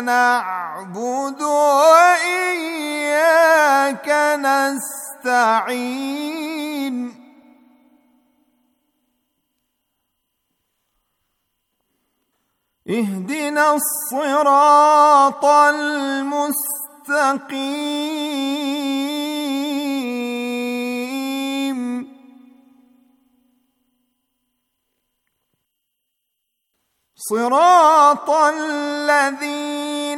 نعبد وإياك نستعين اهدنا الصراط المستقيم صراط الذين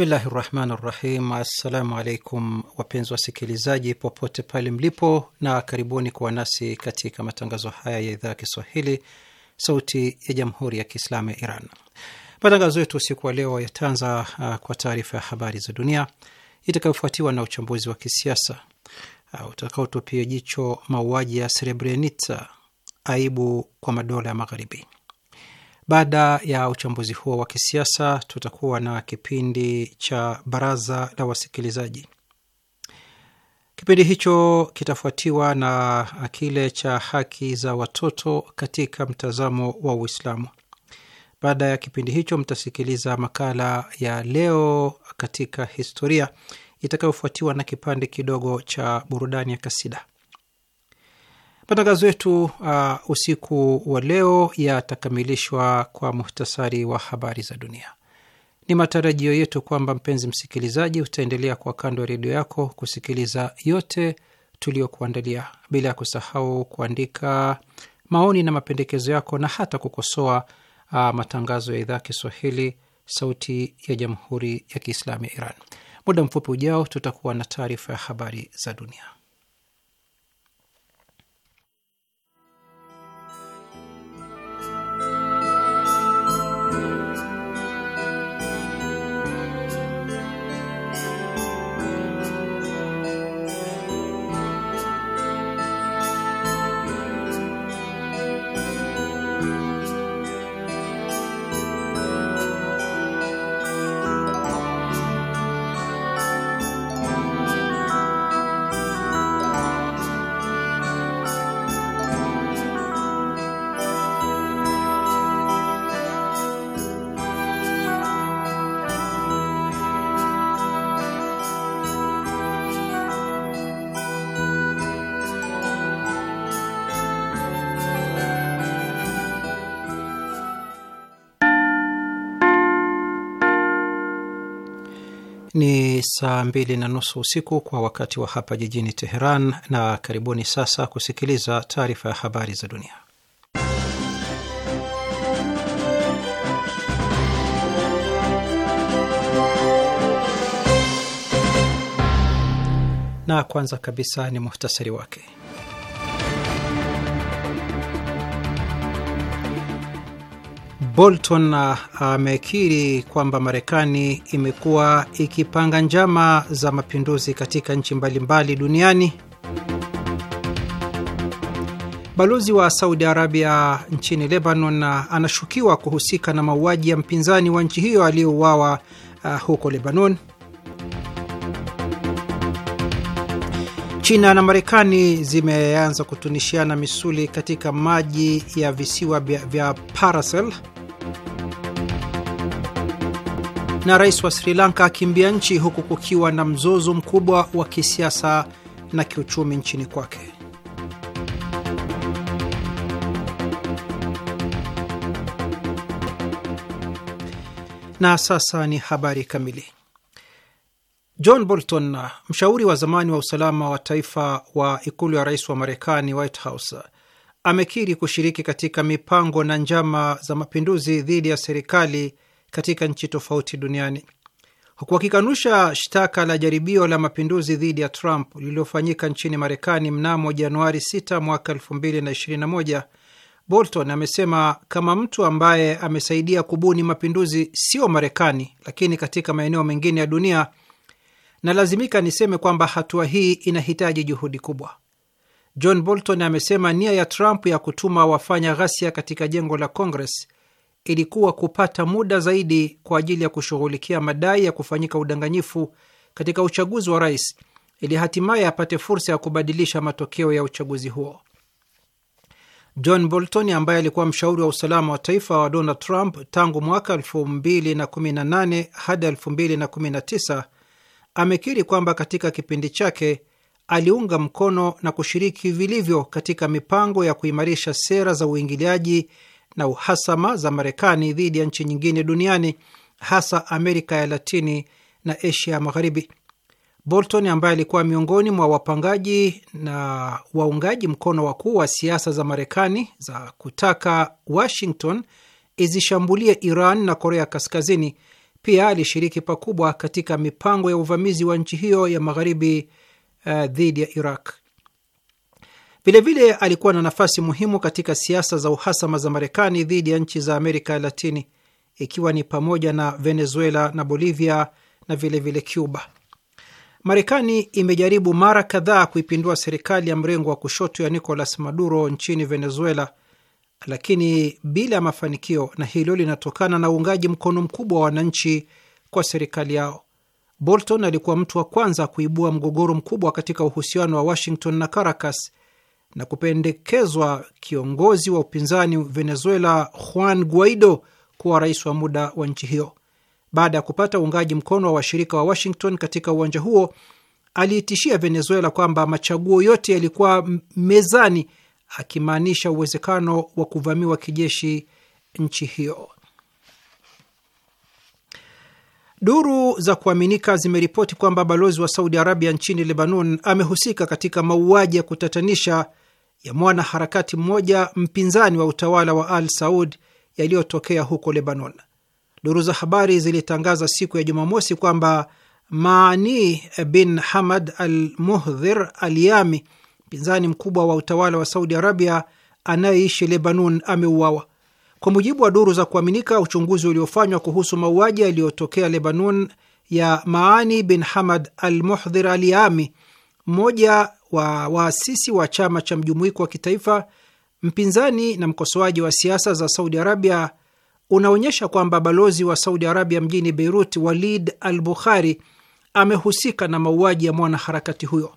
Bismillahi rahmani rahim. Assalamu alaikum wapenzi wasikilizaji popote pale mlipo, na karibuni kuwa nasi katika matangazo haya ya idhaa ya Kiswahili, Sauti ya Jamhuri ya Kiislamu ya Iran. Matangazo yetu usiku wa leo yataanza uh, kwa taarifa ya habari za dunia itakayofuatiwa na uchambuzi wa kisiasa uh, utakaotupia jicho mauaji ya Srebrenica, aibu kwa madola ya Magharibi. Baada ya uchambuzi huo wa kisiasa, tutakuwa na kipindi cha baraza la wasikilizaji. Kipindi hicho kitafuatiwa na kile cha haki za watoto katika mtazamo wa Uislamu. Baada ya kipindi hicho, mtasikiliza makala ya leo katika historia itakayofuatiwa na kipande kidogo cha burudani ya kasida. Matangazo yetu uh, usiku wa leo yatakamilishwa kwa muhtasari wa habari za dunia. Ni matarajio yetu kwamba mpenzi msikilizaji, utaendelea kwa kando ya redio yako kusikiliza yote tuliyokuandalia, bila ya kusahau kuandika maoni na mapendekezo yako na hata kukosoa uh, matangazo ya idhaa Kiswahili sauti ya jamhuri ya kiislamu ya Iran. Muda mfupi ujao tutakuwa na taarifa ya habari za dunia. saa mbili na nusu usiku kwa wakati wa hapa jijini Teheran, na karibuni sasa kusikiliza taarifa ya habari za dunia. Na kwanza kabisa ni muhtasari wake. Bolton amekiri kwamba Marekani imekuwa ikipanga njama za mapinduzi katika nchi mbalimbali duniani. Balozi wa Saudi Arabia nchini Lebanon anashukiwa kuhusika na mauaji ya mpinzani wa nchi hiyo aliyouawa uh, huko Lebanon. China na Marekani zimeanza kutunishiana misuli katika maji ya visiwa vya Paracel na rais wa Sri Lanka akimbia nchi huku kukiwa na mzozo mkubwa wa kisiasa na kiuchumi nchini kwake. Na sasa ni habari kamili. John Bolton, mshauri wa zamani wa usalama wa taifa wa ikulu ya rais wa Marekani, White House, amekiri kushiriki katika mipango na njama za mapinduzi dhidi ya serikali katika nchi tofauti duniani. Hakuwakikanusha shtaka la jaribio la mapinduzi dhidi ya Trump lililofanyika nchini Marekani mnamo Januari 6 mwaka 2021, Bolton amesema kama mtu ambaye amesaidia kubuni mapinduzi sio Marekani lakini katika maeneo mengine ya dunia, nalazimika niseme kwamba hatua hii inahitaji juhudi kubwa. John Bolton amesema nia ya Trump ya kutuma wafanya ghasia katika jengo la Congress ilikuwa kupata muda zaidi kwa ajili ya kushughulikia madai ya kufanyika udanganyifu katika uchaguzi wa rais ili hatimaye apate fursa ya kubadilisha matokeo ya uchaguzi huo. John Bolton ambaye alikuwa mshauri wa usalama wa taifa wa Donald Trump tangu mwaka 2018 hadi 2019 amekiri kwamba katika kipindi chake aliunga mkono na kushiriki vilivyo katika mipango ya kuimarisha sera za uingiliaji na uhasama za Marekani dhidi ya nchi nyingine duniani, hasa Amerika ya Latini na Asia ya Magharibi. Bolton ambaye alikuwa miongoni mwa wapangaji na waungaji mkono wakuu wa siasa za Marekani za kutaka Washington izishambulie Iran na Korea Kaskazini, pia alishiriki pakubwa katika mipango ya uvamizi wa nchi hiyo ya magharibi uh, dhidi ya Iraq. Vilevile alikuwa na nafasi muhimu katika siasa za uhasama za Marekani dhidi ya nchi za Amerika ya Latini, ikiwa ni pamoja na Venezuela na Bolivia na vilevile vile Cuba. Marekani imejaribu mara kadhaa kuipindua serikali ya mrengo wa kushoto ya Nicolas Maduro nchini Venezuela, lakini bila ya mafanikio, na hilo linatokana na uungaji mkono mkubwa wa wananchi kwa serikali yao. Bolton alikuwa mtu wa kwanza kuibua mgogoro mkubwa katika uhusiano wa Washington na Caracas na kupendekezwa kiongozi wa upinzani Venezuela Juan Guaido kuwa rais wa muda wa nchi hiyo. Baada ya kupata uungaji mkono wa washirika wa Washington katika uwanja huo, aliitishia Venezuela kwamba machaguo yote yalikuwa mezani, akimaanisha uwezekano wa kuvamiwa kijeshi nchi hiyo. Duru za kuaminika zimeripoti kwamba balozi wa Saudi Arabia nchini Lebanon amehusika katika mauaji ya kutatanisha ya mwanaharakati mmoja mpinzani wa utawala wa Al Saud yaliyotokea huko Lebanon. Duru za habari zilitangaza siku ya Jumamosi kwamba Maani bin Hamad Al Muhdhir Alyami, mpinzani mkubwa wa utawala wa Saudi Arabia anayeishi Lebanon, ameuawa. Kwa mujibu wa duru za kuaminika, uchunguzi uliofanywa kuhusu mauaji yaliyotokea Lebanon ya Maani bin Hamad Al Muhdhir Alyami, mmoja wa waasisi wa chama cha mjumuiko wa kitaifa, mpinzani na mkosoaji wa siasa za Saudi Arabia unaonyesha kwamba balozi wa Saudi Arabia mjini Beirut, Walid Al Bukhari, amehusika na mauaji ya mwanaharakati huyo.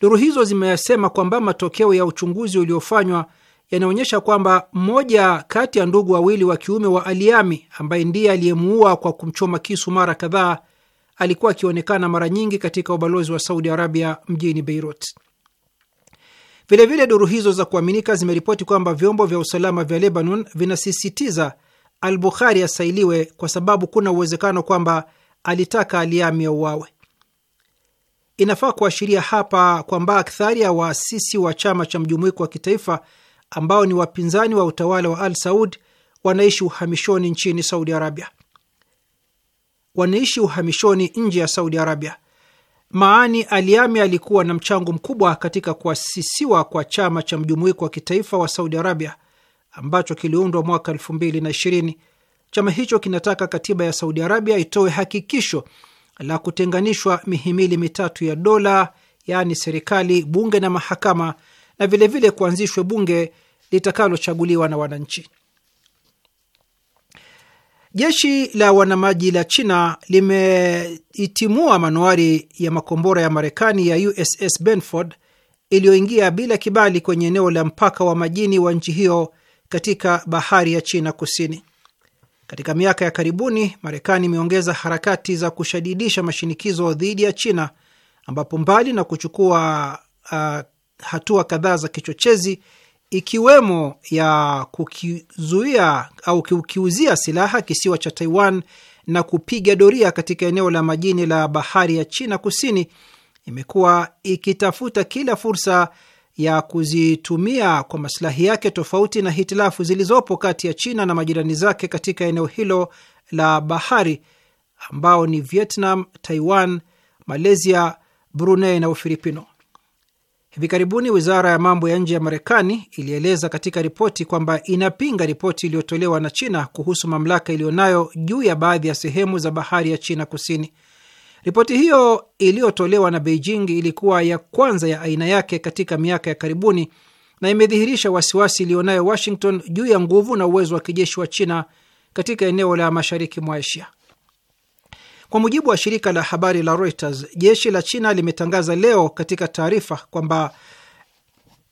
Duru hizo zimesema kwamba matokeo ya uchunguzi uliofanywa yanaonyesha kwamba mmoja kati ya ndugu wawili wa kiume wa Aliami ambaye ndiye aliyemuua kwa kumchoma kisu mara kadhaa alikuwa akionekana mara nyingi katika ubalozi wa Saudi Arabia mjini Beirut. Vilevile, duru hizo za kuaminika zimeripoti kwamba vyombo vya usalama vya Lebanon vinasisitiza Al Bukhari asailiwe kwa sababu kuna uwezekano kwamba alitaka Aliami auawe. Inafaa kuashiria hapa kwamba akthari ya waasisi wa chama cha mjumuiko wa kitaifa ambao ni wapinzani wa utawala wa Al Saud wanaishi uhamishoni nchini Saudi Arabia wanaishi uhamishoni nje ya Saudi Arabia. Maani Aliami alikuwa na mchango mkubwa katika kuasisiwa kwa chama cha mjumuiko wa kitaifa wa Saudi Arabia ambacho kiliundwa mwaka 2020. Chama hicho kinataka katiba ya Saudi Arabia itoe hakikisho la kutenganishwa mihimili mitatu ya dola, yaani serikali, bunge na mahakama, na vilevile kuanzishwe bunge litakalochaguliwa na wananchi. Jeshi la wanamaji la China limeitimua manuari ya makombora ya Marekani ya USS Benford iliyoingia bila kibali kwenye eneo la mpaka wa majini wa nchi hiyo katika bahari ya China Kusini. Katika miaka ya karibuni, Marekani imeongeza harakati za kushadidisha mashinikizo dhidi ya China, ambapo mbali na kuchukua uh, hatua kadhaa za kichochezi ikiwemo ya kukizuia au kukiuzia silaha kisiwa cha Taiwan na kupiga doria katika eneo la majini la bahari ya China Kusini, imekuwa ikitafuta kila fursa ya kuzitumia kwa masilahi yake tofauti na hitilafu zilizopo kati ya China na majirani zake katika eneo hilo la bahari ambao ni Vietnam, Taiwan, Malaysia, Brunei na Ufilipino. Hivi karibuni wizara ya mambo ya nje ya Marekani ilieleza katika ripoti kwamba inapinga ripoti iliyotolewa na China kuhusu mamlaka iliyonayo juu ya baadhi ya sehemu za bahari ya China Kusini. Ripoti hiyo iliyotolewa na Beijing ilikuwa ya kwanza ya aina yake katika miaka ya karibuni na imedhihirisha wasiwasi iliyonayo Washington juu ya nguvu na uwezo wa kijeshi wa China katika eneo la mashariki mwa Asia. Kwa mujibu wa shirika la habari la Reuters, jeshi la China limetangaza leo katika taarifa kwamba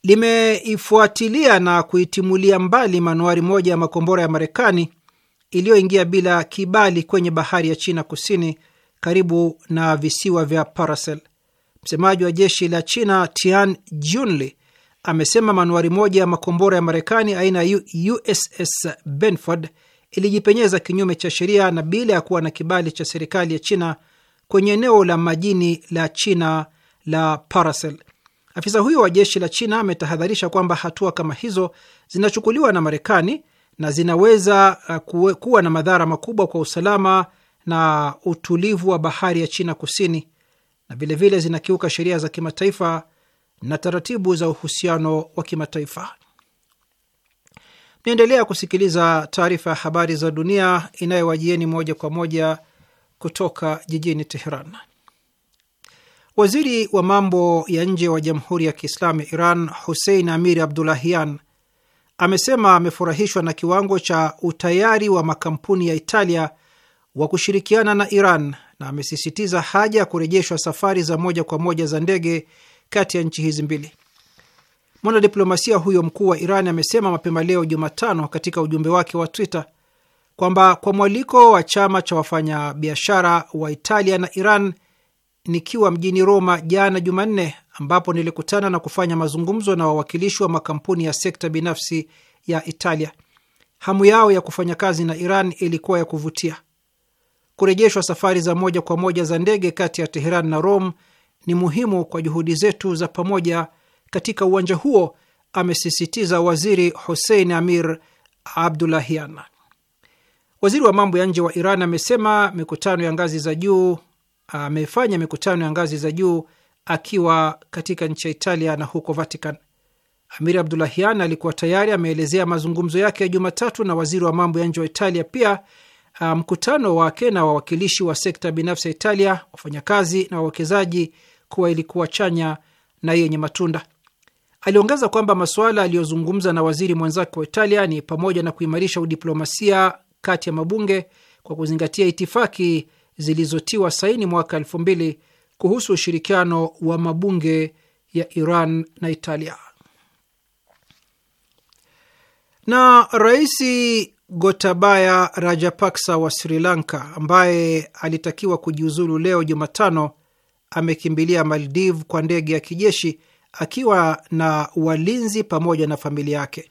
limeifuatilia na kuitimulia mbali manuari moja ya makombora ya Marekani iliyoingia bila kibali kwenye bahari ya China kusini karibu na visiwa vya Paracel. Msemaji wa jeshi la China Tian Junli amesema manuari moja ya makombora ya Marekani aina ya USS Benford ilijipenyeza kinyume cha sheria na bila ya kuwa na kibali cha serikali ya China kwenye eneo la majini la China la Paracel. Afisa huyo wa jeshi la China ametahadharisha kwamba hatua kama hizo zinachukuliwa na Marekani na zinaweza uh, kuwa na madhara makubwa kwa usalama na utulivu wa bahari ya China Kusini, na vilevile zinakiuka sheria za kimataifa na taratibu za uhusiano wa kimataifa. Naendelea kusikiliza taarifa ya habari za dunia inayowajieni moja kwa moja kutoka jijini Teheran. Waziri wa mambo ya nje wa Jamhuri ya Kiislamu ya Iran Hussein Amir Abdulahian amesema amefurahishwa na kiwango cha utayari wa makampuni ya Italia wa kushirikiana na Iran na amesisitiza haja ya kurejeshwa safari za moja kwa moja za ndege kati ya nchi hizi mbili. Mwanadiplomasia huyo mkuu wa Iran amesema mapema leo Jumatano katika ujumbe wake wa Twitter kwamba kwa mwaliko wa chama cha wafanyabiashara wa Italia na Iran, nikiwa mjini Roma jana Jumanne, ambapo nilikutana na kufanya mazungumzo na wawakilishi wa makampuni ya sekta binafsi ya Italia, hamu yao ya kufanya kazi na Iran ilikuwa ya kuvutia. Kurejeshwa safari za moja kwa moja za ndege kati ya Teheran na Rome ni muhimu kwa juhudi zetu za pamoja katika uwanja huo, amesisitiza Waziri Hussein Amir Abdulahian. Waziri wa mambo ya nje wa Iran amesema mikutano ya ngazi za juu amefanya mikutano ya ngazi za juu akiwa katika nchi ya Italia na huko Vatican. Amir Abdulahian alikuwa tayari ameelezea mazungumzo yake ya Jumatatu na waziri wa mambo ya nje wa Italia, pia uh, mkutano um, wake na wawakilishi wa sekta binafsi ya Italia, wafanyakazi na wawekezaji, kuwa ilikuwa chanya na yenye matunda. Aliongeza kwamba masuala aliyozungumza na waziri mwenzake wa Italia ni pamoja na kuimarisha udiplomasia kati ya mabunge kwa kuzingatia itifaki zilizotiwa saini mwaka elfu mbili kuhusu ushirikiano wa mabunge ya Iran na Italia. Na Rais Gotabaya Rajapaksa wa Sri Lanka ambaye alitakiwa kujiuzulu leo Jumatano amekimbilia maldiv kwa ndege ya kijeshi akiwa na walinzi pamoja na familia yake.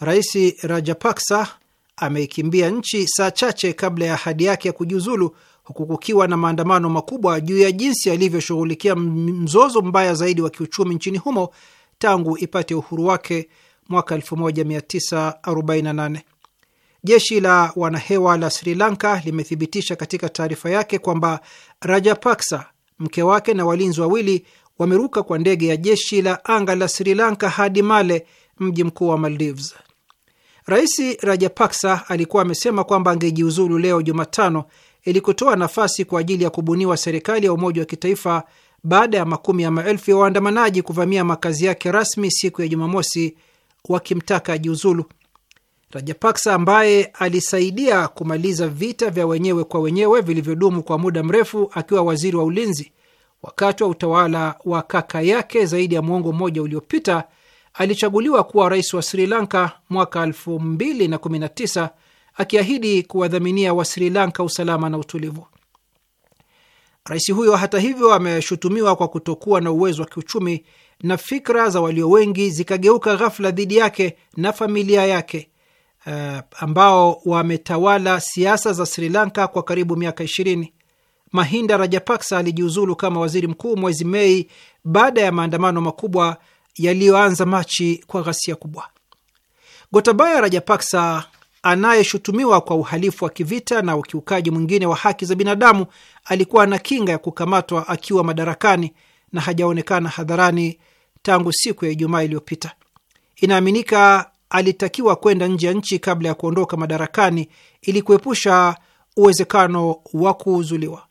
Rais Rajapaksa ameikimbia nchi saa chache kabla ya ahadi yake ya kujiuzulu, huku kukiwa na maandamano makubwa juu ya jinsi alivyoshughulikia mzozo mbaya zaidi wa kiuchumi nchini humo tangu ipate uhuru wake mwaka 1948. Jeshi la wanahewa la Sri Lanka limethibitisha katika taarifa yake kwamba Rajapaksa, mke wake na walinzi wawili wameruka kwa ndege ya jeshi la anga la Sri Lanka hadi Male, mji mkuu wa Maldives. Rais Rajapaksa alikuwa amesema kwamba angejiuzulu leo Jumatano ili kutoa nafasi kwa ajili ya kubuniwa serikali ya umoja wa kitaifa baada ya makumi ya maelfu ya waandamanaji kuvamia makazi yake rasmi siku ya Jumamosi wakimtaka ajiuzulu. Rajapaksa ambaye alisaidia kumaliza vita vya wenyewe kwa wenyewe vilivyodumu kwa muda mrefu akiwa waziri wa ulinzi Wakati wa utawala wa kaka yake zaidi ya mwongo mmoja uliopita, alichaguliwa kuwa rais wa Sri Lanka mwaka 2019 akiahidi kuwadhaminia wa Sri Lanka usalama na utulivu. Rais huyo hata hivyo ameshutumiwa kwa kutokuwa na uwezo wa kiuchumi na fikra za walio wengi zikageuka ghafla dhidi yake na familia yake, uh, ambao wametawala siasa za Sri Lanka kwa karibu miaka ishirini. Mahinda Rajapaksa alijiuzulu kama waziri mkuu mwezi Mei baada ya maandamano makubwa yaliyoanza Machi kwa ghasia kubwa. Gotabaya Rajapaksa anayeshutumiwa kwa uhalifu wa kivita na ukiukaji mwingine wa haki za binadamu alikuwa na kinga ya kukamatwa akiwa madarakani na hajaonekana hadharani tangu siku ya Ijumaa iliyopita. Inaaminika alitakiwa kwenda nje ya nchi kabla ya kuondoka madarakani ili kuepusha uwezekano wa kuuzuliwa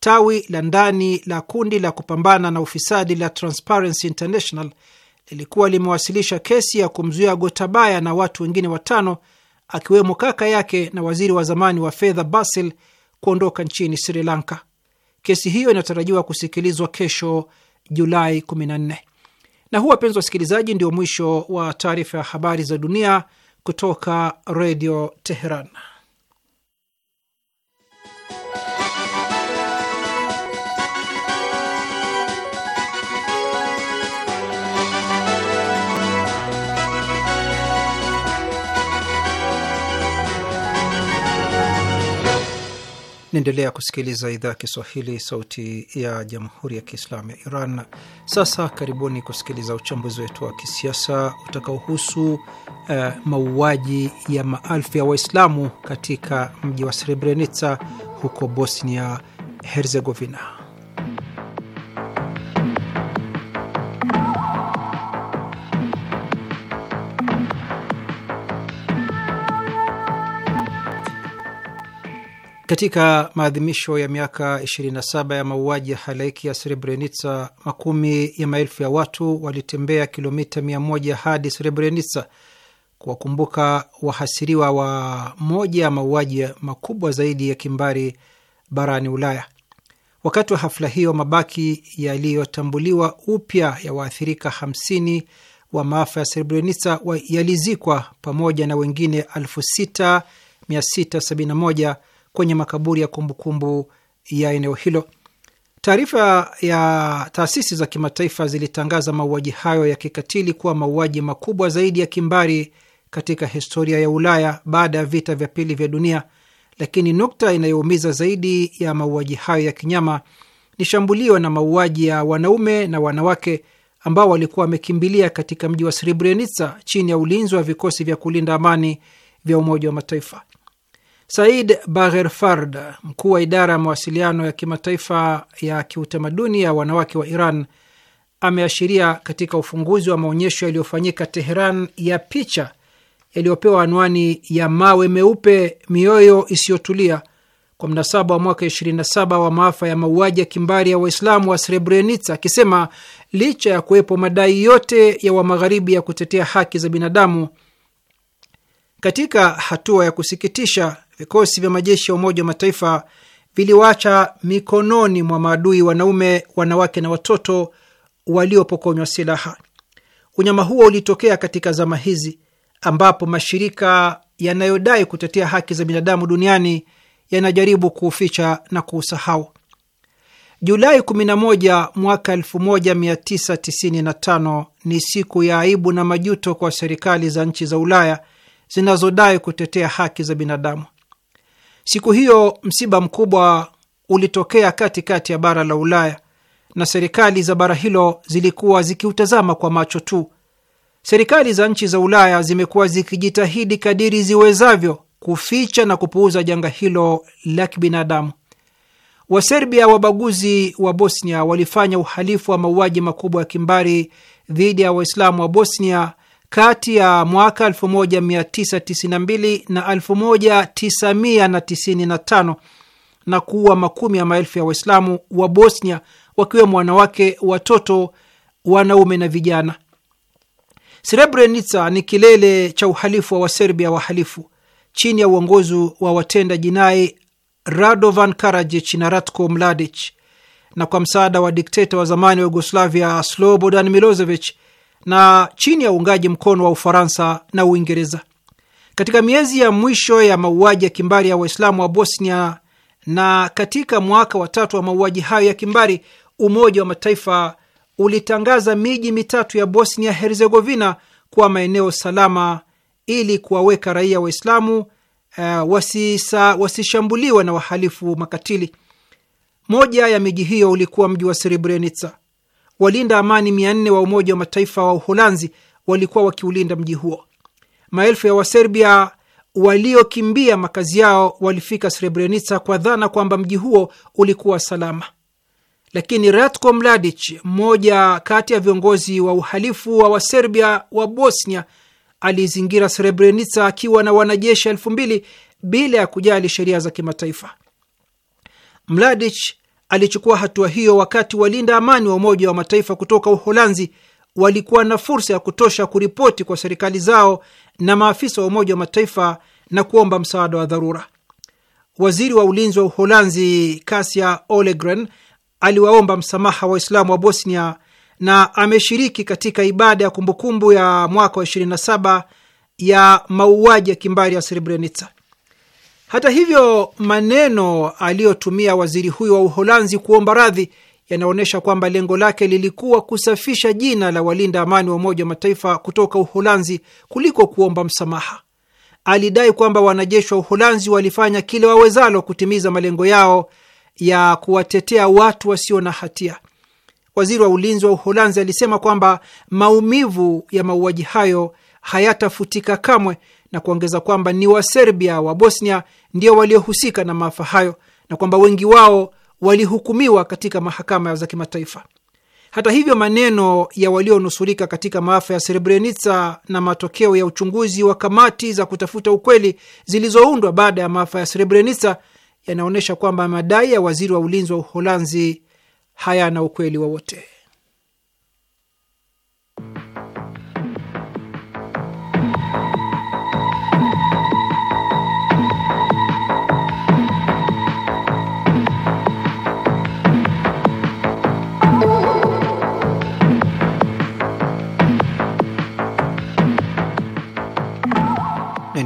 tawi la ndani la kundi la kupambana na ufisadi la Transparency International lilikuwa limewasilisha kesi ya kumzuia Gotabaya na watu wengine watano akiwemo kaka yake na waziri wa zamani wa fedha Basil kuondoka nchini Sri Lanka. Kesi hiyo inatarajiwa kusikilizwa kesho Julai 14. Na huu, wapenzi wasikilizaji, ndio mwisho wa taarifa ya habari za dunia kutoka Redio Teheran. Naendelea kusikiliza idhaa ya Kiswahili, sauti ya jamhuri ya kiislamu ya Iran. Sasa karibuni kusikiliza uchambuzi wetu wa kisiasa utakaohusu uh, mauaji ya maelfu ya Waislamu katika mji wa Srebrenica huko Bosnia Herzegovina. Katika maadhimisho ya miaka 27 ya mauaji ya halaiki ya Srebrenica, makumi ya maelfu ya watu walitembea kilomita 100 hadi Srebrenica kuwakumbuka wahasiriwa wa moja ya mauaji makubwa zaidi ya kimbari barani Ulaya. Wakati wa hafla hiyo, mabaki yaliyotambuliwa upya ya waathirika 50 wa maafa ya Srebrenica yalizikwa pamoja na wengine 6671 kwenye makaburi ya kumbukumbu ya eneo hilo. Taarifa ya taasisi za kimataifa zilitangaza mauaji hayo ya kikatili kuwa mauaji makubwa zaidi ya kimbari katika historia ya Ulaya baada ya vita vya pili vya dunia, lakini nukta inayoumiza zaidi ya mauaji hayo ya kinyama ni shambulio na mauaji ya wanaume na wanawake ambao walikuwa wamekimbilia katika mji wa Srebrenica chini ya ulinzi wa vikosi vya kulinda amani vya Umoja wa Mataifa. Said Bagherfard, mkuu wa idara ya mawasiliano ya kimataifa ya kiutamaduni ya wanawake wa Iran, ameashiria katika ufunguzi wa maonyesho yaliyofanyika Teheran ya picha yaliyopewa anwani ya mawe meupe, mioyo isiyotulia kwa mnasaba wa mwaka 27 wa maafa ya mauaji ya kimbari ya Waislamu wa Srebrenica, akisema licha ya kuwepo madai yote ya Wamagharibi ya kutetea haki za binadamu, katika hatua ya kusikitisha vikosi vya majeshi ya Umoja wa Mataifa viliwacha mikononi mwa maadui wanaume, wanawake na watoto waliopokonywa silaha. Unyama huo ulitokea katika zama hizi ambapo mashirika yanayodai kutetea haki za binadamu duniani yanajaribu kuuficha na kuusahau. Julai 11 mwaka 1995 ni siku ya aibu na majuto kwa serikali za nchi za Ulaya zinazodai kutetea haki za binadamu. Siku hiyo msiba mkubwa ulitokea katikati ya bara la Ulaya na serikali za bara hilo zilikuwa zikiutazama kwa macho tu. Serikali za nchi za Ulaya zimekuwa zikijitahidi kadiri ziwezavyo kuficha na kupuuza janga hilo la kibinadamu. Waserbia wabaguzi wa Bosnia walifanya uhalifu wa mauaji makubwa ya kimbari dhidi ya Waislamu wa Bosnia kati ya mwaka 1992 na 1995 na kuua makumi ya maelfu ya Waislamu wa Bosnia, wakiwemo wanawake, watoto, wanaume na vijana. Srebrenica ni kilele cha uhalifu wa Waserbia wahalifu chini ya uongozi wa watenda jinai Radovan Karadzic na Ratko Mladic, na kwa msaada wa dikteta wa zamani wa Yugoslavia Slobodan Milosevic na chini ya uungaji mkono wa Ufaransa na Uingereza. Katika miezi ya mwisho ya mauaji ya kimbari ya Waislamu wa Bosnia na katika mwaka wa tatu wa mauaji hayo ya kimbari, Umoja wa Mataifa ulitangaza miji mitatu ya Bosnia Herzegovina kuwa maeneo salama ili kuwaweka raia Waislamu uh, wasisa, wasishambuliwa na wahalifu makatili. Moja ya miji hiyo ulikuwa mji wa Srebrenica. Walinda amani mia nne wa Umoja wa Mataifa wa Uholanzi walikuwa wakiulinda mji huo. Maelfu ya Waserbia waliokimbia makazi yao walifika Srebrenica kwa dhana kwamba mji huo ulikuwa salama, lakini Ratko Mladic, mmoja kati ya viongozi wa uhalifu wa Waserbia wa Bosnia, alizingira Srebrenica akiwa na wanajeshi elfu mbili bila ya kujali sheria za kimataifa. Mladic alichukua hatua hiyo wakati walinda amani wa Umoja wa Mataifa kutoka Uholanzi walikuwa na fursa ya kutosha kuripoti kwa serikali zao na maafisa wa Umoja wa Mataifa na kuomba msaada wa dharura. Waziri wa ulinzi wa Uholanzi Kasia Olegren aliwaomba msamaha Waislamu wa Bosnia na ameshiriki katika ibada ya kumbukumbu ya mwaka wa 27 ya mauaji ya kimbari ya Srebrenica. Hata hivyo, maneno aliyotumia waziri huyo wa Uholanzi kuomba radhi yanaonyesha kwamba lengo lake lilikuwa kusafisha jina la walinda amani wa Umoja wa Mataifa kutoka Uholanzi kuliko kuomba msamaha. Alidai kwamba wanajeshi wa Uholanzi walifanya kile wawezalo kutimiza malengo yao ya kuwatetea watu wasio na hatia. Waziri wa ulinzi wa Uholanzi alisema kwamba maumivu ya mauaji hayo hayatafutika kamwe na kuongeza kwamba ni Waserbia wa Bosnia ndio waliohusika na maafa hayo na kwamba wengi wao walihukumiwa katika mahakama za kimataifa. Hata hivyo, maneno ya walionusurika katika maafa ya Srebrenica na matokeo ya uchunguzi wa kamati za kutafuta ukweli zilizoundwa baada ya maafa ya Srebrenica yanaonyesha kwamba madai ya waziri wa ulinzi wa Uholanzi hayana ukweli wowote.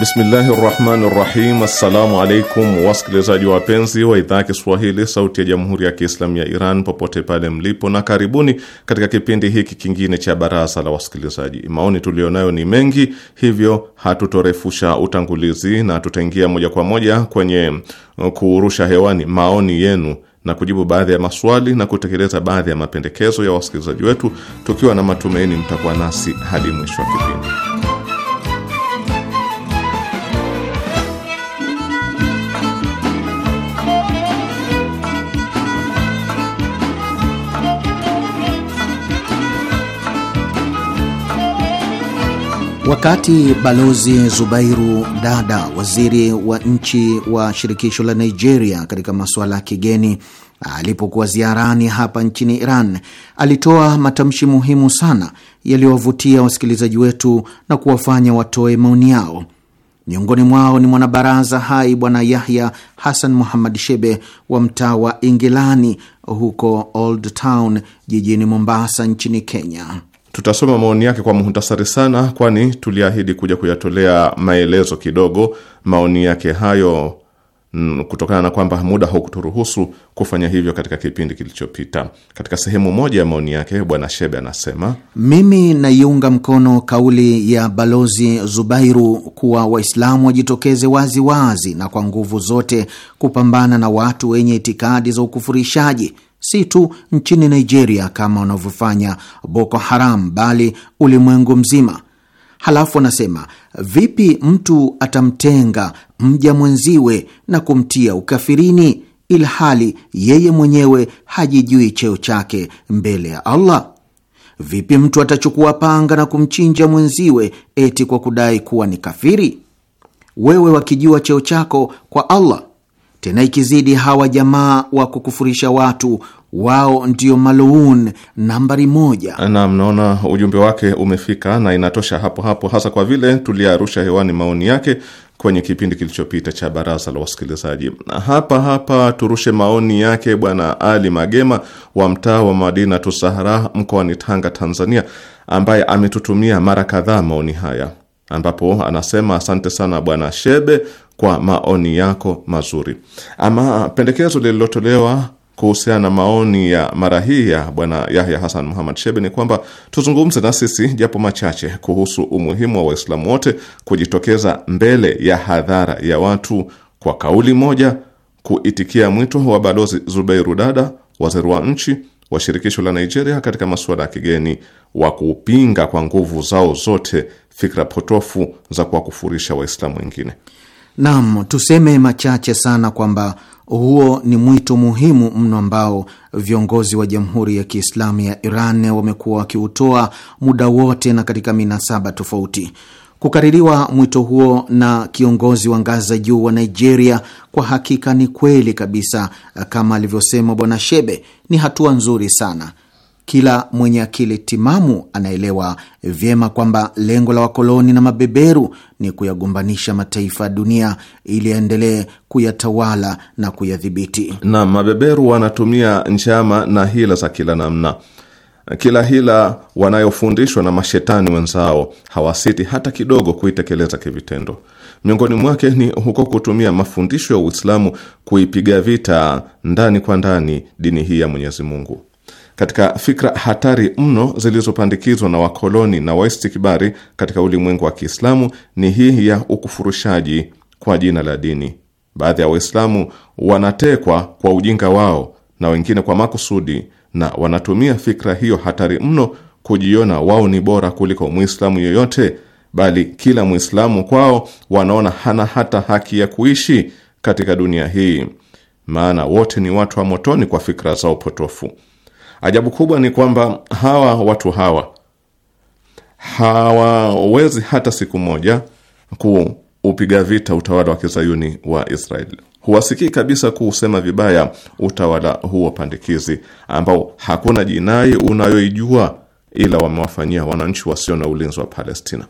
Bismillahi rahmani rahim. Assalamu alaikum wasikilizaji wapenzi wa idhaa ya Kiswahili sauti ya jamhuri ya Kiislamu ya Iran popote pale mlipo, na karibuni katika kipindi hiki kingine cha baraza la wasikilizaji. Maoni tuliyonayo ni mengi, hivyo hatutorefusha utangulizi na tutaingia moja kwa moja kwenye uh, kurusha hewani maoni yenu na kujibu baadhi ya maswali na kutekeleza baadhi ya mapendekezo ya wasikilizaji wetu, tukiwa na matumaini mtakuwa nasi hadi mwisho wa kipindi. Wakati Balozi Zubairu Dada, waziri wa nchi wa shirikisho la Nigeria katika masuala ya kigeni, alipokuwa ziarani hapa nchini Iran, alitoa matamshi muhimu sana yaliyowavutia wasikilizaji wetu na kuwafanya watoe maoni yao. Miongoni mwao ni mwanabaraza hai Bwana Yahya Hassan Muhammad Shebe wa mtaa wa Ingilani huko Old Town jijini Mombasa nchini Kenya. Tutasoma maoni yake kwa muhtasari sana, kwani tuliahidi kuja kuyatolea maelezo kidogo maoni yake hayo mm, kutokana na kwamba muda haukuturuhusu kufanya hivyo katika kipindi kilichopita. Katika sehemu moja ya maoni yake, Bwana Shebe anasema, mimi naiunga mkono kauli ya Balozi Zubairu kuwa Waislamu wajitokeze waziwazi na kwa nguvu zote kupambana na watu wenye itikadi za ukufurishaji si tu nchini Nigeria kama wanavyofanya Boko Haram, bali ulimwengu mzima. Halafu anasema vipi mtu atamtenga mja mwenziwe na kumtia ukafirini, ilhali yeye mwenyewe hajijui cheo chake mbele ya Allah? Vipi mtu atachukua panga na kumchinja mwenziwe eti kwa kudai kuwa ni kafiri? Wewe wakijua cheo chako kwa Allah tena ikizidi hawa jamaa wa kukufurisha watu wao ndio maluun nambari moja. Na mnaona ujumbe wake umefika na inatosha hapo hapo, hasa kwa vile tuliarusha hewani maoni yake kwenye kipindi kilichopita cha baraza la wasikilizaji. Hapa hapa turushe maoni yake Bwana Ali Magema wa mtaa wa Madina Tusahara mkoani Tanga, Tanzania, ambaye ametutumia mara kadhaa maoni haya ambapo anasema asante sana Bwana Shebe kwa maoni yako mazuri. Ama pendekezo lililotolewa kuhusiana na maoni ya mara hii ya Bwana Yahya Hasan Muhammad Shebe ni kwamba tuzungumze na sisi japo machache kuhusu umuhimu wa Waislamu wote kujitokeza mbele ya hadhara ya watu kwa kauli moja kuitikia mwito wa Balozi Zubeiru Dada, waziri wa nchi wa shirikisho la Nigeria katika masuala ya kigeni wa kupinga kwa nguvu zao zote fikra potofu za kuwakufurisha Waislamu wengine. Naam, tuseme machache sana kwamba huo ni mwito muhimu mno ambao viongozi wa Jamhuri ya Kiislamu ya Iran wamekuwa wakiutoa muda wote na katika minasaba tofauti. Kukaririwa mwito huo na kiongozi wa ngazi za juu wa Nigeria kwa hakika ni kweli kabisa, kama alivyosema Bwana Shebe, ni hatua nzuri sana. Kila mwenye akili timamu anaelewa vyema kwamba lengo la wakoloni na mabeberu ni kuyagombanisha mataifa ya dunia ili yaendelee kuyatawala na kuyadhibiti. Na mabeberu wanatumia njama na hila za kila namna kila hila wanayofundishwa na mashetani wenzao hawasiti hata kidogo kuitekeleza kivitendo. Miongoni mwake ni huko kutumia mafundisho ya Uislamu kuipiga vita ndani kwa ndani dini hii ya Mwenyezi Mungu. Katika fikra hatari mno zilizopandikizwa na wakoloni na waistikibari katika ulimwengu wa Kiislamu ni hii ya ukufurushaji kwa jina la dini. Baadhi ya Waislamu wanatekwa kwa ujinga wao na wengine kwa makusudi na wanatumia fikra hiyo hatari mno kujiona wao ni bora kuliko Mwislamu yoyote, bali kila Mwislamu kwao wanaona hana hata haki ya kuishi katika dunia hii, maana wote ni watu wa motoni kwa fikra zao potofu. Ajabu kubwa ni kwamba hawa watu hawa hawawezi hata siku moja kuupiga vita utawala wa kizayuni wa Israeli huwasikii kabisa kuusema vibaya utawala huo pandikizi ambao hakuna jinai unayoijua ila wamewafanyia wananchi wasio na ulinzi wa Palestina.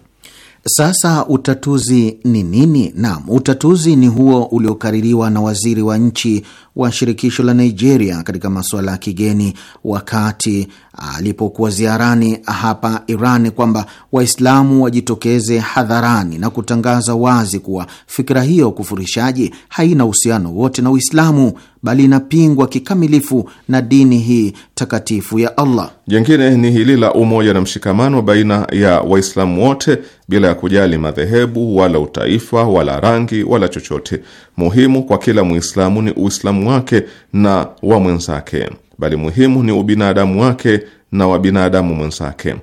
Sasa utatuzi ni nini? Naam, utatuzi ni huo uliokaririwa na waziri wa nchi wa shirikisho la Nigeria katika masuala ya kigeni wakati alipokuwa ziarani hapa Iran kwamba Waislamu wajitokeze hadharani na kutangaza wazi kuwa fikira hiyo kufurishaji haina uhusiano wote na Uislamu bali inapingwa kikamilifu na dini hii takatifu ya Allah. Jengine ni hili la umoja na mshikamano baina ya Waislamu wote bila ya kujali madhehebu wala utaifa wala rangi wala chochote. Muhimu kwa kila Muislamu ni Uislamu wake na wa mwenzake, bali muhimu ni ubinadamu wake na wa binadamu mwenzake,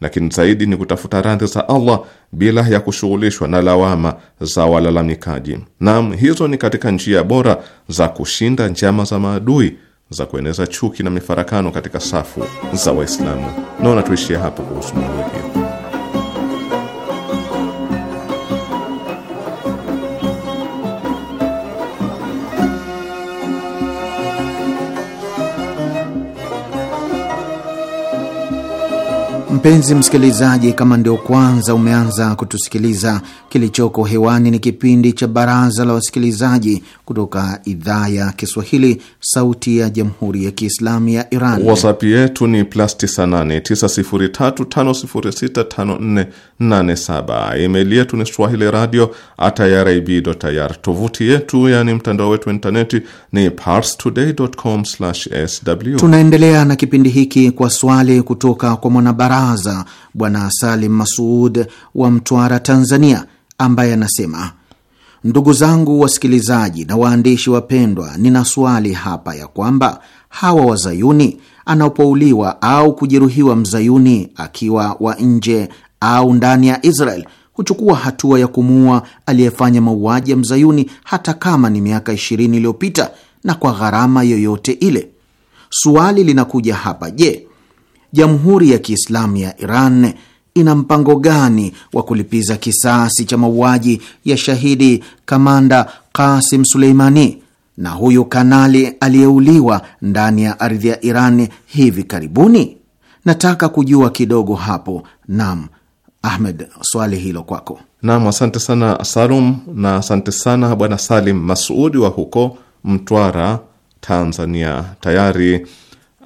lakini zaidi ni kutafuta radhi za Allah bila ya kushughulishwa na lawama za walalamikaji. Naam, hizo ni katika njia bora za kushinda njama za maadui za kueneza chuki na mifarakano katika safu za Waislamu. Naona tuishie hapo kuhusu mada hiyo. Mpenzi msikilizaji, kama ndio kwanza umeanza kutusikiliza, kilichoko hewani ni kipindi cha Baraza la Wasikilizaji kutoka idhaa ya Kiswahili, Sauti ya Jamhuri ya Kiislamu ya Iran. WhatsApp yetu ni plus 989035065487. Email yetu ni swahili radio at Tovuti yetu yaani mtandao wetu wa intaneti ni parstoday.com/sw. Tunaendelea na kipindi hiki kwa swali kutoka kwa mwanabara Gaza, Bwana Salim Masud wa Mtwara, Tanzania, ambaye anasema Ndugu zangu wasikilizaji na waandishi wapendwa, nina swali hapa ya kwamba hawa wazayuni, anapouliwa au kujeruhiwa mzayuni akiwa wa nje au ndani ya Israel, huchukua hatua ya kumuua aliyefanya mauaji ya mzayuni hata kama ni miaka ishirini iliyopita na kwa gharama yoyote ile. suali linakuja hapa, je, Jamhuri ya Kiislamu ya Iran ina mpango gani wa kulipiza kisasi cha mauaji ya shahidi kamanda Kasim Suleimani na huyu kanali aliyeuliwa ndani ya ardhi ya Iran hivi karibuni? Nataka kujua kidogo hapo. Naam, Ahmed, swali hilo kwako. Naam, asante sana Salum, na asante sana bwana Salim Masudi wa huko Mtwara, Tanzania. Tayari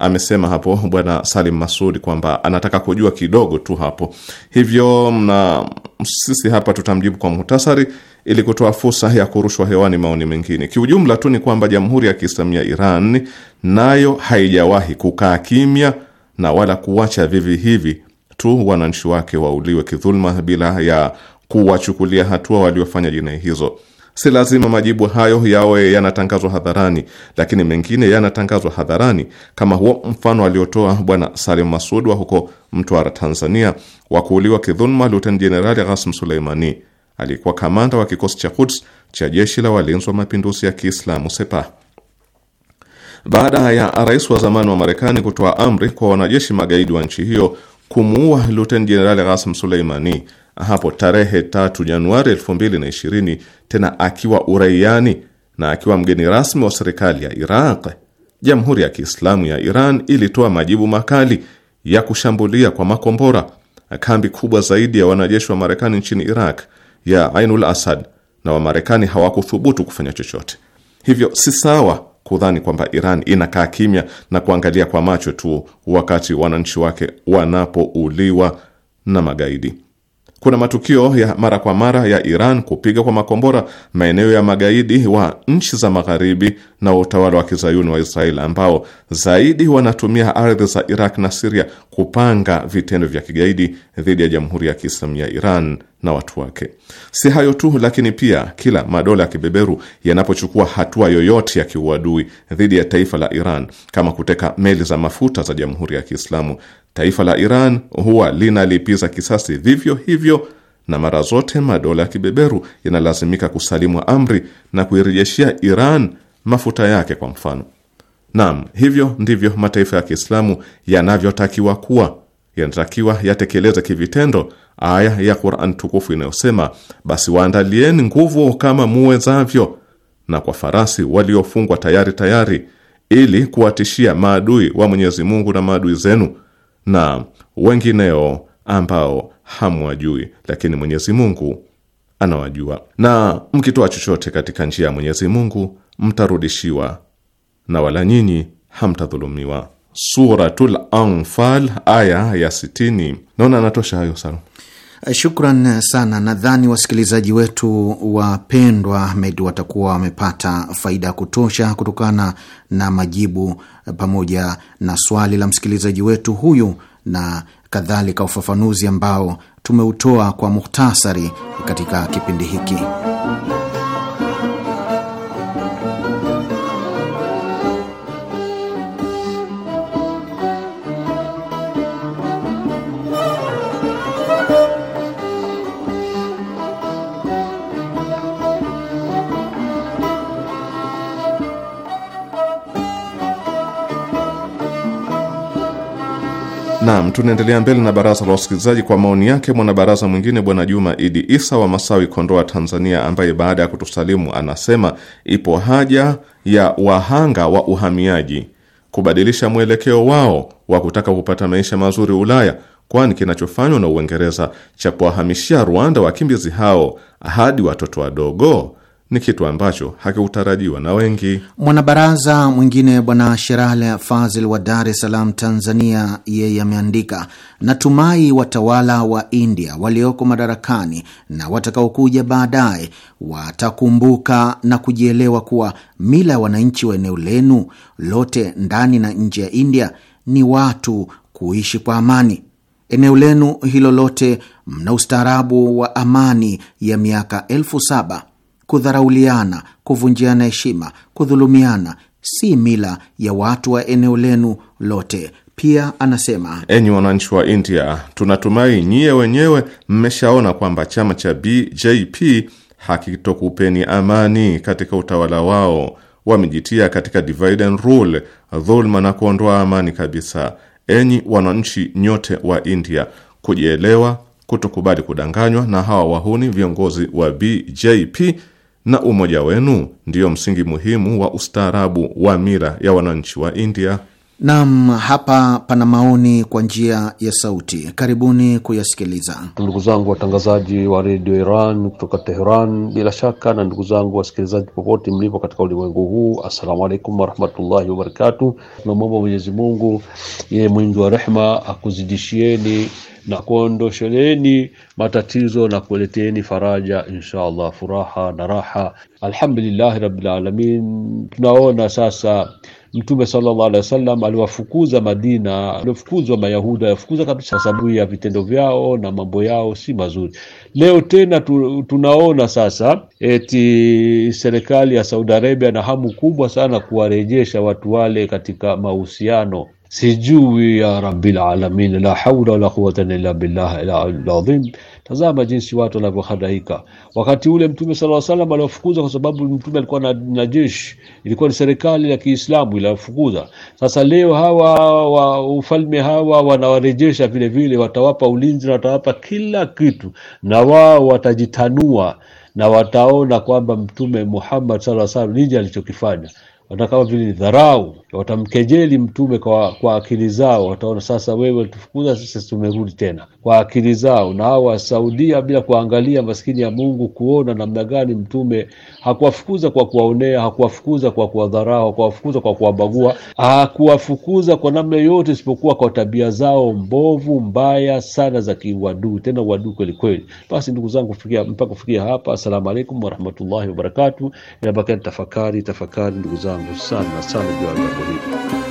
amesema hapo bwana Salim Masudi kwamba anataka kujua kidogo tu hapo, hivyo na sisi hapa tutamjibu kwa muhtasari ili kutoa fursa ya kurushwa hewani maoni mengine. Kiujumla tu ni kwamba Jamhuri ya Kiislamu ya Iran nayo haijawahi kukaa kimya na wala kuwacha vivi hivi tu wananchi wake wauliwe kidhulma bila ya kuwachukulia hatua waliofanya jinai hizo. Si lazima majibu hayo yawe yanatangazwa hadharani, lakini mengine yanatangazwa hadharani, kama huo mfano aliotoa Bwana Salim Masud wa huko Mtwara, Tanzania, wa kuuliwa kidhuluma Luteni Jenerali Qasim Suleimani, aliyekuwa kamanda wa kikosi cha Quds cha jeshi la walinzi wa mapinduzi ya Kiislamu sepa Baada ya rais wa zamani wa Marekani kutoa amri kwa wanajeshi magaidi wa nchi hiyo kumuua Luteni Jenerali Qasim Suleimani, hapo tarehe tatu Januari 2020 tena akiwa uraiani na akiwa mgeni rasmi wa serikali ya Iraq, Jamhuri ya Kiislamu ya Iran ilitoa majibu makali ya kushambulia kwa makombora kambi kubwa zaidi ya wanajeshi wa Marekani nchini Iraq ya Ainul Asad, na Wamarekani hawakuthubutu kufanya chochote. Hivyo si sawa kudhani kwamba Iran inakaa kimya na kuangalia kwa macho tu wakati wananchi wake wanapouliwa na magaidi. Kuna matukio ya mara kwa mara ya Iran kupiga kwa makombora maeneo ya magaidi wa nchi za magharibi na utawala wa kizayuni wa Israeli ambao zaidi wanatumia ardhi za Iraq na Siria kupanga vitendo vya kigaidi dhidi ya Jamhuri ya Kiislamu ya Iran na watu wake. Si hayo tu, lakini pia kila madola ya kibeberu yanapochukua hatua yoyote ya kiuadui dhidi ya taifa la Iran, kama kuteka meli za mafuta za Jamhuri ya Kiislamu Taifa la Iran huwa linalipiza kisasi vivyo hivyo, na mara zote madola ya kibeberu yanalazimika kusalimu amri na kuirejeshia Iran mafuta yake, kwa mfano. Naam, hivyo ndivyo mataifa ya Kiislamu yanavyotakiwa kuwa. Yanatakiwa yatekeleze kivitendo aya ya Quran tukufu inayosema, basi waandalieni nguvu kama muwezavyo, na kwa farasi waliofungwa tayari tayari, ili kuwatishia maadui wa Mwenyezi Mungu na maadui zenu na wengineo ambao hamwajui, lakini Mwenyezi Mungu anawajua, na mkitoa chochote katika njia ya Mwenyezi Mungu mtarudishiwa, na wala nyinyi hamtadhulumiwa. Suratul Anfal aya ya sitini. Naona anatosha hayo sana. Shukran sana. Nadhani wasikilizaji wetu wapendwa Ahmed watakuwa wamepata faida ya kutosha kutokana na majibu pamoja na swali la msikilizaji wetu huyu na kadhalika ufafanuzi ambao tumeutoa kwa muhtasari katika kipindi hiki. Naam, tunaendelea mbele na baraza la wasikilizaji kwa maoni yake mwanabaraza mwingine Bwana Juma Idi Isa wa Masawi, Kondoa, Tanzania, ambaye baada ya kutusalimu anasema ipo haja ya wahanga wa uhamiaji kubadilisha mwelekeo wao wa kutaka kupata maisha mazuri Ulaya, kwani kinachofanywa na Uingereza cha kuwahamishia Rwanda wakimbizi hao hadi watoto wadogo ni kitu ambacho hakiutarajiwa na wengi. Mwanabaraza mwingine Bwana Sherale Fazil wa Dar es Salaam, Tanzania, yeye ameandika, natumai watawala wa India walioko madarakani na watakaokuja baadaye watakumbuka na kujielewa kuwa mila ya wananchi wa eneo lenu lote ndani na nje ya India ni watu kuishi kwa amani. Eneo lenu hilo lote mna ustaarabu wa amani ya miaka elfu saba kudharauliana, kuvunjiana heshima, kudhulumiana si mila ya watu wa eneo lenu lote. Pia anasema, enyi wananchi wa India, tunatumai nyiye wenyewe mmeshaona kwamba chama cha BJP hakitokupeni amani katika utawala wao. Wamejitia katika divide and rule, dhulma na kuondoa amani kabisa. Enyi wananchi nyote wa India, kujielewa, kutokubali kudanganywa na hawa wahuni viongozi wa BJP na umoja wenu ndiyo msingi muhimu wa ustaarabu wa mira ya wananchi wa India. Nam, hapa pana maoni kwa njia ya sauti, karibuni kuyasikiliza. Ndugu zangu watangazaji wa redio Iran kutoka Teheran, bila shaka na ndugu zangu wasikilizaji popote mlipo katika ulimwengu huu, assalamu alaikum warahmatullahi wabarakatu. Tunamwomba Mwenyezi Mungu yeye mwingi wa rehma akuzidishieni na kuondosheleni matatizo na kuleteni faraja insha Allah, furaha na raha. Alhamdulillahi rabbil alamin. Tunaona sasa Mtume sallallahu alaihi wasallam aliwafukuza Madina, aliwafukuzwa Mayahudi, alifukuza kabisa sababu ya vitendo vyao na mambo yao si mazuri. Leo tena tu, tunaona sasa eti serikali ya Saudi Arabia na hamu kubwa sana kuwarejesha watu wale katika mahusiano Sijui ya rabbil alamin, la haula wala quwwata illa billah al azim. Tazama jinsi watu wanavyohadaika. Wakati ule Mtume sallallahu alaihi wasallam aliwafukuza kwa sababu Mtume alikuwa na, na jeshi, ilikuwa ni serikali ya Kiislamu iliwafukuza. Sasa leo hawa wa ufalme hawa wanawarejesha vile vile, watawapa ulinzi na watawapa kila kitu, na wao watajitanua na wataona kwamba Mtume Muhammad sallallahu alaihi wasallam nini alichokifanya, watakama vile ni dharau watamkejeli mtume kwa, kwa akili zao. Wataona sasa, wewe ulitufukuza sisi tumerudi tena, kwa akili zao. Na hao Wasaudia bila kuangalia maskini ya Mungu, kuona namna gani mtume hakuwafukuza kwa kuwaonea, hakuwafukuza kwa kuwadharau, hakuwafukuza kwa kuwabagua, hakuwafukuza kwa namna yoyote isipokuwa kwa tabia zao mbovu mbaya sana za kiuadui, tena uadui kweli kweli. Basi ndugu zangu, kufikia mpaka kufikia hapa, assalamu alaikum warahmatullahi wabarakatu. Inabaki tafakari, tafakari ndugu zangu sana sana juu Napoli.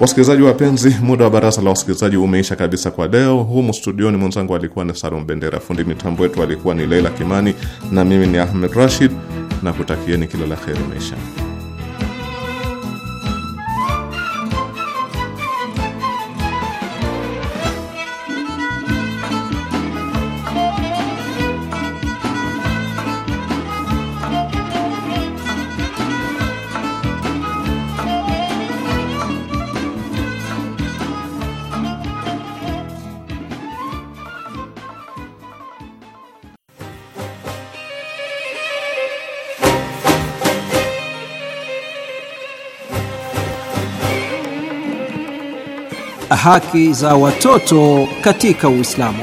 Wasikilizaji wapenzi, muda wa baraza la wasikilizaji umeisha kabisa kwa leo. Humu studioni mwenzangu alikuwa ni Salum Bendera, fundi mitambo wetu alikuwa ni Leila Kimani na mimi ni Ahmed Rashid, na kutakieni kila la heri maisha haki za watoto katika Uislamu.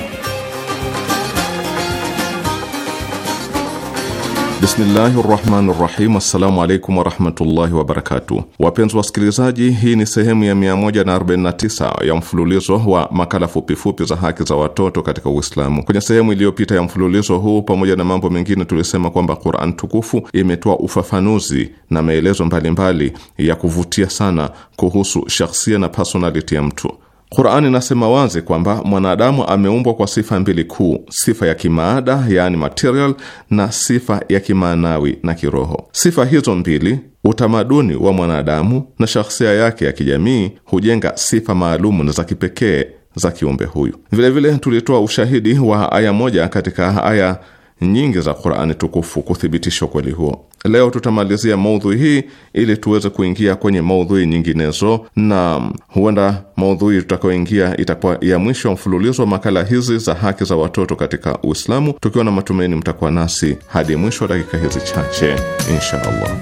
Bismillahi rahmani rahim. Assalamu alaikum warahmatullahi wabarakatu. Wapenzi wasikilizaji, hii ni sehemu ya 149 ya mfululizo wa makala fupifupi za haki za watoto katika Uislamu. Kwenye sehemu iliyopita ya mfululizo huu, pamoja na mambo mengine, tulisema kwamba Quran tukufu imetoa ufafanuzi na maelezo mbalimbali ya kuvutia sana kuhusu shakhsia na personality ya mtu. Qur'ani inasema wazi kwamba mwanadamu ameumbwa kwa sifa mbili kuu, sifa ya kimaada yaani material na sifa ya kimaanawi na kiroho. Sifa hizo mbili, utamaduni wa mwanadamu na shakhsia yake ya kijamii hujenga sifa maalumu na za kipekee za kiumbe huyu. Vilevile tulitoa ushahidi wa aya moja katika aya nyingi za Qur'ani tukufu kuthibitisha ukweli huo. Leo tutamalizia maudhui hii ili tuweze kuingia kwenye maudhui nyinginezo, na huenda maudhui tutakayoingia itakuwa ya mwisho wa mfululizo wa makala hizi za haki za watoto katika Uislamu, tukiwa na matumaini mtakuwa nasi hadi mwisho wa dakika hizi chache, insha Allah.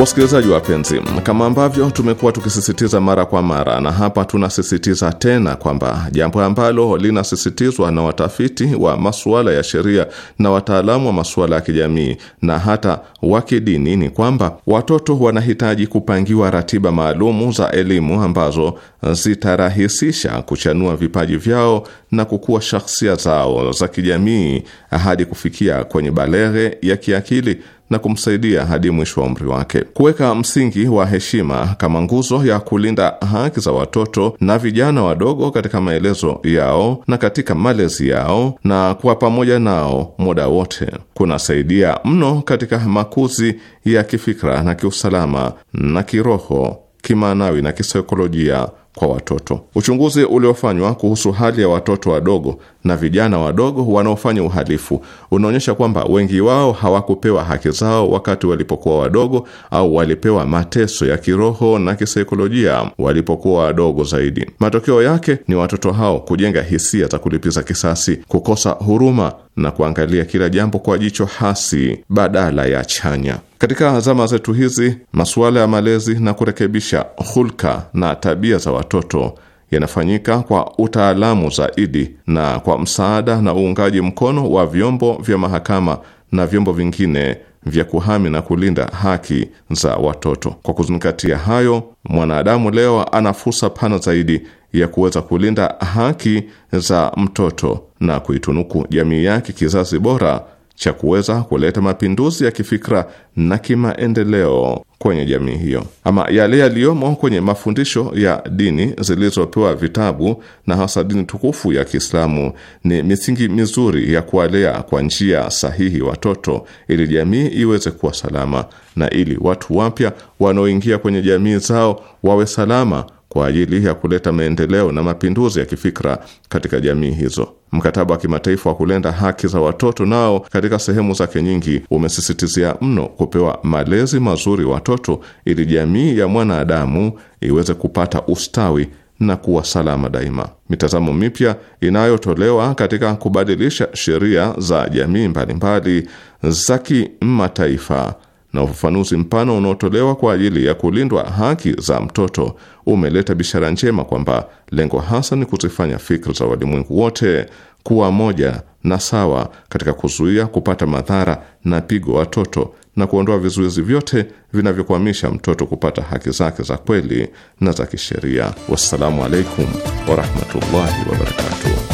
Wasikilizaji wapenzi, kama ambavyo tumekuwa tukisisitiza mara kwa mara, na hapa tunasisitiza tena kwamba jambo ambalo linasisitizwa na watafiti wa masuala ya sheria na wataalamu wa masuala ya kijamii na hata wa kidini ni kwamba watoto wanahitaji kupangiwa ratiba maalumu za elimu ambazo zitarahisisha kuchanua vipaji vyao na kukua shakhsia zao za kijamii hadi kufikia kwenye baleghe ya kiakili na kumsaidia hadi mwisho wa umri wake. Kuweka msingi wa heshima kama nguzo ya kulinda haki za watoto na vijana wadogo katika maelezo yao na katika malezi yao na kuwa pamoja nao muda wote kunasaidia mno katika makuzi ya kifikra na kiusalama na kiroho, kimaanawi na kisaikolojia kwa watoto. Uchunguzi uliofanywa kuhusu hali ya watoto wadogo na vijana wadogo wanaofanya uhalifu unaonyesha kwamba wengi wao hawakupewa haki zao wakati walipokuwa wadogo, au walipewa mateso ya kiroho na kisaikolojia walipokuwa wadogo zaidi. Matokeo yake ni watoto hao kujenga hisia za kulipiza kisasi, kukosa huruma na kuangalia kila jambo kwa jicho hasi badala ya chanya. Katika zama zetu hizi, masuala ya malezi na kurekebisha hulka na tabia za watu watoto yanafanyika kwa utaalamu zaidi na kwa msaada na uungaji mkono wa vyombo vya mahakama na vyombo vingine vya kuhami na kulinda haki za watoto. Kwa kuzingatia hayo, mwanadamu leo ana fursa pana zaidi ya kuweza kulinda haki za mtoto na kuitunuku jamii yake kizazi bora cha kuweza kuleta mapinduzi ya kifikra na kimaendeleo kwenye jamii hiyo. Ama yale yaliyomo kwenye mafundisho ya dini zilizopewa vitabu na hasa dini tukufu ya Kiislamu ni misingi mizuri ya kuwalea kwa njia sahihi watoto, ili jamii iweze kuwa salama na ili watu wapya wanaoingia kwenye jamii zao wawe salama kwa ajili ya kuleta maendeleo na mapinduzi ya kifikra katika jamii hizo. Mkataba wa kimataifa wa kulenda haki za watoto nao katika sehemu zake nyingi umesisitizia mno kupewa malezi mazuri watoto ili jamii ya mwanadamu iweze kupata ustawi na kuwa salama daima. Mitazamo mipya inayotolewa katika kubadilisha sheria za jamii mbalimbali za kimataifa na ufafanuzi mpana unaotolewa kwa ajili ya kulindwa haki za mtoto umeleta bishara njema kwamba lengo hasa ni kuzifanya fikra za walimwengu wote kuwa moja na sawa katika kuzuia kupata madhara na pigo watoto na kuondoa vizuizi vyote vinavyokwamisha mtoto kupata haki zake za kweli na za kisheria. Wassalamu alaikum warahmatullahi wabarakatuh.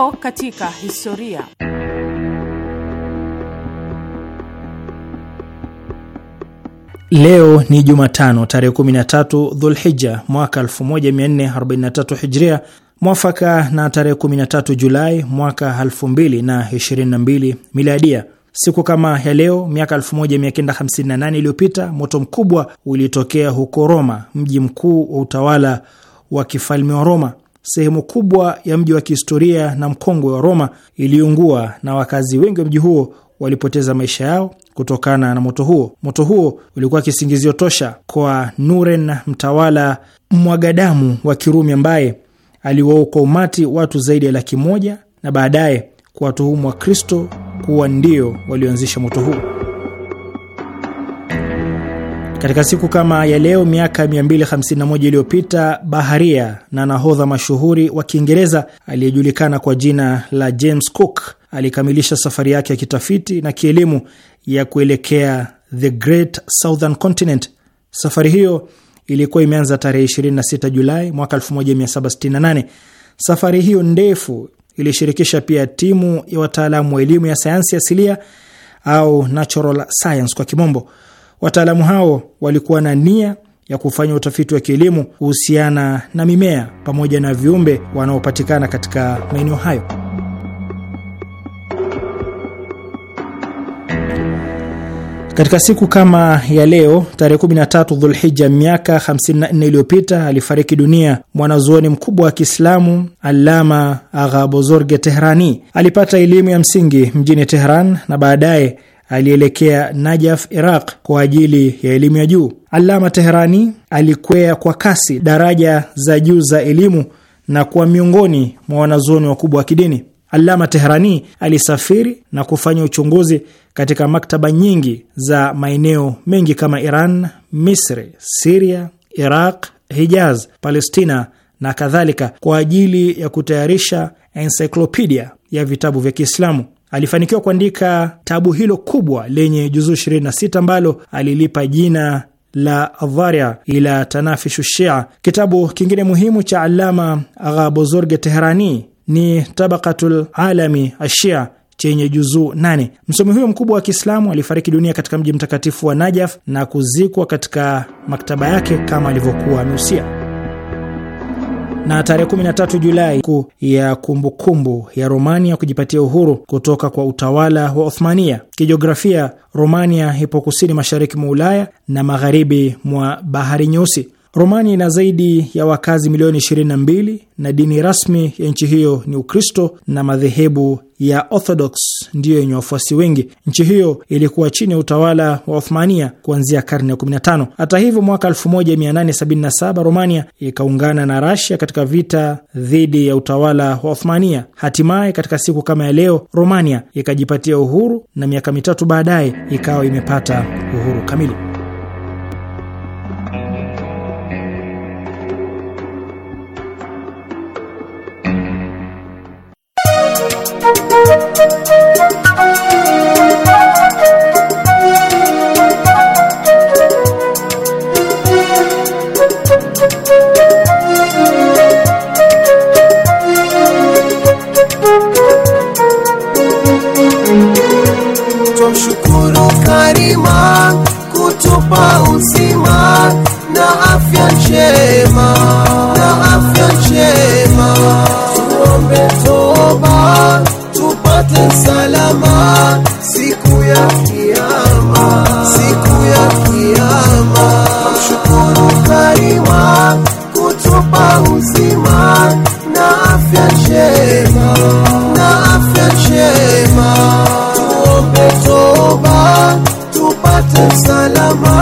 Leo katika historia. Leo ni Jumatano tarehe 13 Dhulhija mwaka 1443 Hijria, mwafaka na tarehe 13 Julai mwaka 2022 Miladia. Siku kama ya leo miaka 1958 iliyopita moto mkubwa ulitokea huko Roma, mji mkuu wa utawala wa kifalme wa Roma sehemu kubwa ya mji wa kihistoria na mkongwe wa Roma iliungua na wakazi wengi wa mji huo walipoteza maisha yao kutokana na moto huo. Moto huo ulikuwa kisingizio tosha kwa Nuren, mtawala mwagadamu wa Kirumi ambaye aliwaua kwa umati watu zaidi ya laki moja na baadaye kuwatuhumu Wakristo kuwa ndio walioanzisha moto huo. Katika siku kama ya leo miaka 251 iliyopita baharia na nahodha mashuhuri wa Kiingereza aliyejulikana kwa jina la James Cook alikamilisha safari yake ya kitafiti na kielimu ya kuelekea the Great Southern Continent. Safari hiyo ilikuwa imeanza tarehe 26 Julai mwaka 1768. Safari hiyo ndefu ilishirikisha pia timu ya wataalamu wa elimu ya sayansi asilia au natural science kwa kimombo. Wataalamu hao walikuwa na nia ya kufanya utafiti wa kielimu kuhusiana na mimea pamoja na viumbe wanaopatikana katika maeneo hayo. Katika siku kama ya leo tarehe 13 Dhulhija, miaka 54 iliyopita alifariki dunia mwanazuoni mkubwa wa Kiislamu Allama aghabozorge Tehrani. Alipata elimu ya msingi mjini Tehran na baadaye alielekea Najaf, Iraq, kwa ajili ya elimu ya juu. alama Teherani alikwea kwa kasi daraja za juu za elimu na kuwa miongoni mwa wanazuoni wakubwa wa kidini. alama Teherani alisafiri na kufanya uchunguzi katika maktaba nyingi za maeneo mengi kama Iran, Misri, Siria, Iraq, Hijaz, Palestina na kadhalika, kwa ajili ya kutayarisha ensiklopedia ya vitabu vya Kiislamu alifanikiwa kuandika tabu hilo kubwa lenye juzuu 26 ambalo alilipa jina la Dharia ila tanafishu Shia. Kitabu kingine muhimu cha Alama Ghabozorge Teherani ni Tabakatul Alami Ashia chenye juzuu nane. Msomi huyo mkubwa wa Kiislamu alifariki dunia katika mji mtakatifu wa Najaf na kuzikwa katika maktaba yake kama alivyokuwa ameusia na tarehe 13 Julai kuu ya kumbukumbu kumbu ya Romania kujipatia uhuru kutoka kwa utawala wa Othmania. Kijiografia, Romania ipo kusini mashariki mwa Ulaya na magharibi mwa Bahari Nyeusi. Romania ina zaidi ya wakazi milioni 22 na dini rasmi ya nchi hiyo ni Ukristo na madhehebu ya Orthodox ndiyo yenye wafuasi wengi. Nchi hiyo ilikuwa chini ya utawala wa Othmania kuanzia karne ya 15. Hata hivyo, mwaka 1877 Romania ikaungana na Rasia katika vita dhidi ya utawala wa Othmania. Hatimaye, katika siku kama ya leo, Romania ikajipatia uhuru na miaka mitatu baadaye ikawa imepata uhuru kamili. na afya njema, tuombe toba tupate salama.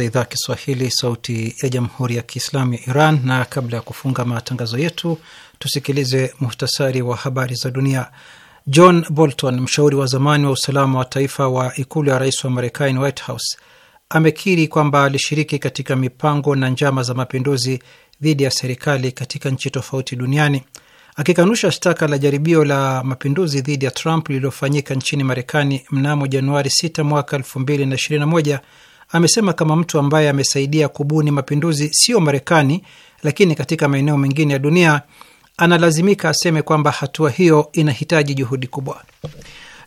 kusikiliza idhaa Kiswahili sauti ya jamhuri ya kiislamu ya Iran, na kabla ya kufunga matangazo yetu tusikilize muhtasari wa habari za dunia. John Bolton, mshauri wa zamani wa usalama wa taifa wa ikulu ya rais wa Marekani, White House, amekiri kwamba alishiriki katika mipango na njama za mapinduzi dhidi ya serikali katika nchi tofauti duniani, akikanusha shtaka la jaribio la mapinduzi dhidi ya Trump lililofanyika nchini Marekani mnamo Januari 6 mwaka 2021 amesema kama mtu ambaye amesaidia kubuni mapinduzi sio Marekani, lakini katika maeneo mengine ya dunia, analazimika aseme kwamba hatua hiyo inahitaji juhudi kubwa.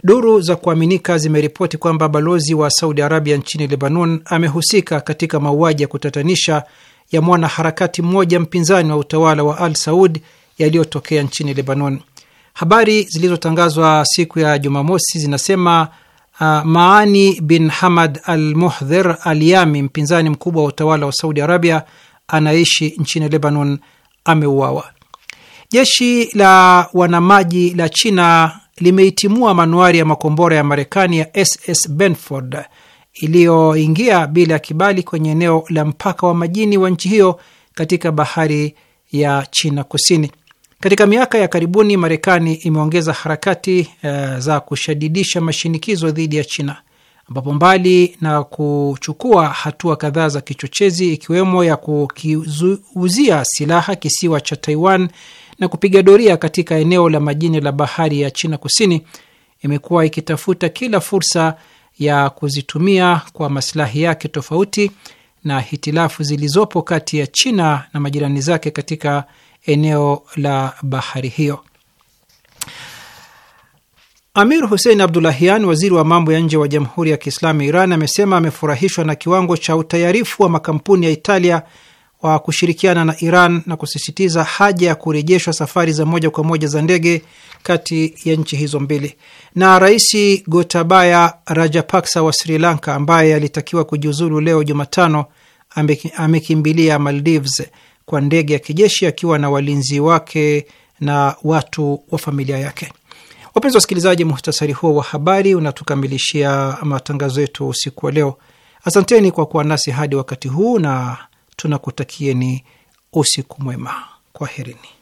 Duru za kuaminika zimeripoti kwamba balozi wa Saudi Arabia nchini Lebanon amehusika katika mauaji ya kutatanisha ya mwanaharakati mmoja mpinzani wa utawala wa Al Saud yaliyotokea nchini Lebanon. Habari zilizotangazwa siku ya Jumamosi zinasema Uh, Maani bin Hamad al Muhdhir al Yami, mpinzani mkubwa wa utawala wa Saudi Arabia anaishi nchini Lebanon, ameuawa. Jeshi la wanamaji la China limeitimua manuari ya makombora ya Marekani ya SS Benford iliyoingia bila ya kibali kwenye eneo la mpaka wa majini wa nchi hiyo katika bahari ya China Kusini. Katika miaka ya karibuni, Marekani imeongeza harakati uh, za kushadidisha mashinikizo dhidi ya China ambapo mbali na kuchukua hatua kadhaa za kichochezi ikiwemo ya kukiuzia silaha kisiwa cha Taiwan na kupiga doria katika eneo la majini la bahari ya China Kusini, imekuwa ikitafuta kila fursa ya kuzitumia kwa masilahi yake tofauti na hitilafu zilizopo kati ya China na majirani zake katika eneo la bahari hiyo. Amir Hussein Abdulahian, waziri wa mambo ya nje wa Jamhuri ya Kiislamu ya Iran, amesema amefurahishwa na kiwango cha utayarifu wa makampuni ya Italia wa kushirikiana na Iran na kusisitiza haja ya kurejeshwa safari za moja kwa moja za ndege kati ya nchi hizo mbili. Na Rais Gotabaya Rajapaksa wa Sri Lanka ambaye alitakiwa kujiuzulu leo Jumatano amekimbilia Maldives kwa ndege ya kijeshi akiwa na walinzi wake na watu wa familia yake. Wapenzi wasikilizaji, muhtasari huo wa habari unatukamilishia matangazo yetu usiku wa leo. Asanteni kwa kuwa nasi hadi wakati huu na tunakutakieni usiku mwema. Kwaherini.